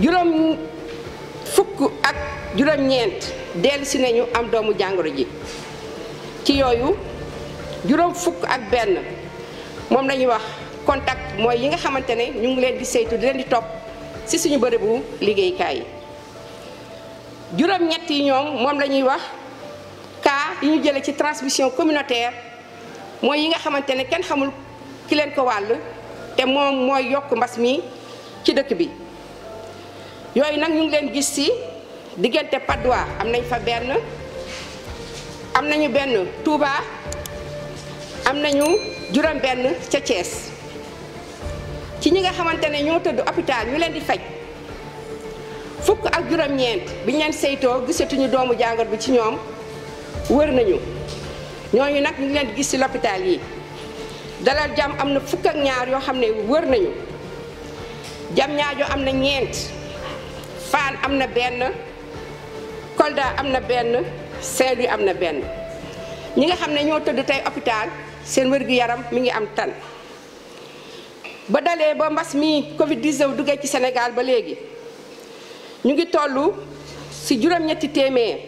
juróom fukk ak juróom-ñeent si nañu am doomu jàngoro ji ci yooyu juróom fukk ak benn moom la wax contact mooy yi nga xamante ne ñu ngi leen di saytu di leen di topp ci suñu bërëbu liggéeykaay yi juróom-ñett yi ñoom moom la wax cas yi ñu jëlee ci transmission communataire mooy yi nga xamante ne kenn xamul ki leen ko wàll te moom mooy yokk mbas mi ci dëkk bi. yooyu nag ñu ngi leen gis ci diggante Patte am nañ fa benn am nañu benn Touba am nañu juróom benn ca Thiès ci ñi nga xamante ne ñoo tëdd hôpital ñu leen di faj fukk ak juróom-ñeent bi ñu leen saytoo gisatuñu doomu jàngoor bi ci ñoom wër nañu ñooñu nag ñu ngi leen gis ci l'hôpital yi dalal jàmm am na fukk ak ñaar yoo xam ne wër nañu jam ñaajo am na ñeent Fan amna ben, Kolda amna na selu amna louis am ñi nga xam ne ñoo tëdd hôpital seen yaram mi ngi am tan ba dalee ba mi Covid 19 duggee ci Sénégal ba léegi ñu ngi toll ci juróom-ñetti téeméer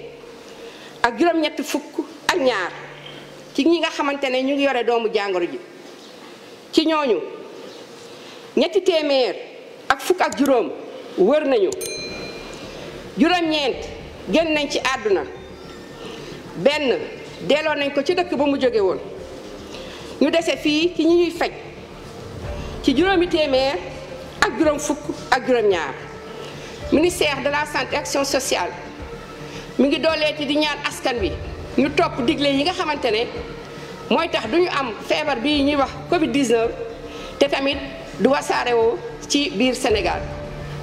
ak juróom-ñetti fukk ak ñaar ci ñi nga xamante ne ñu ngi yore doomu jàngoro ji ci ñooñu ñetti téeméer ak fukk ak juróom wër nañu juróom-ñeent génn nañ ci àdduna benn delloo nañ ko ci dëkk ba mu jóge woon ñu dese fii ci ñi ñuy faj ci juróomi téeméer ak juróom fukk ak juróom-ñaar ministère de la santé action sociale mu ngi dooleeti di ñaan askan wi ñu topp digle yi nga xamante ne mooy tax du ñu am feebar bii ñuy wax Covid te tamit du wasaare woo ci biir Sénégal.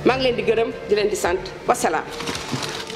maa ngi leen di gërëm di leen di sant wasalaam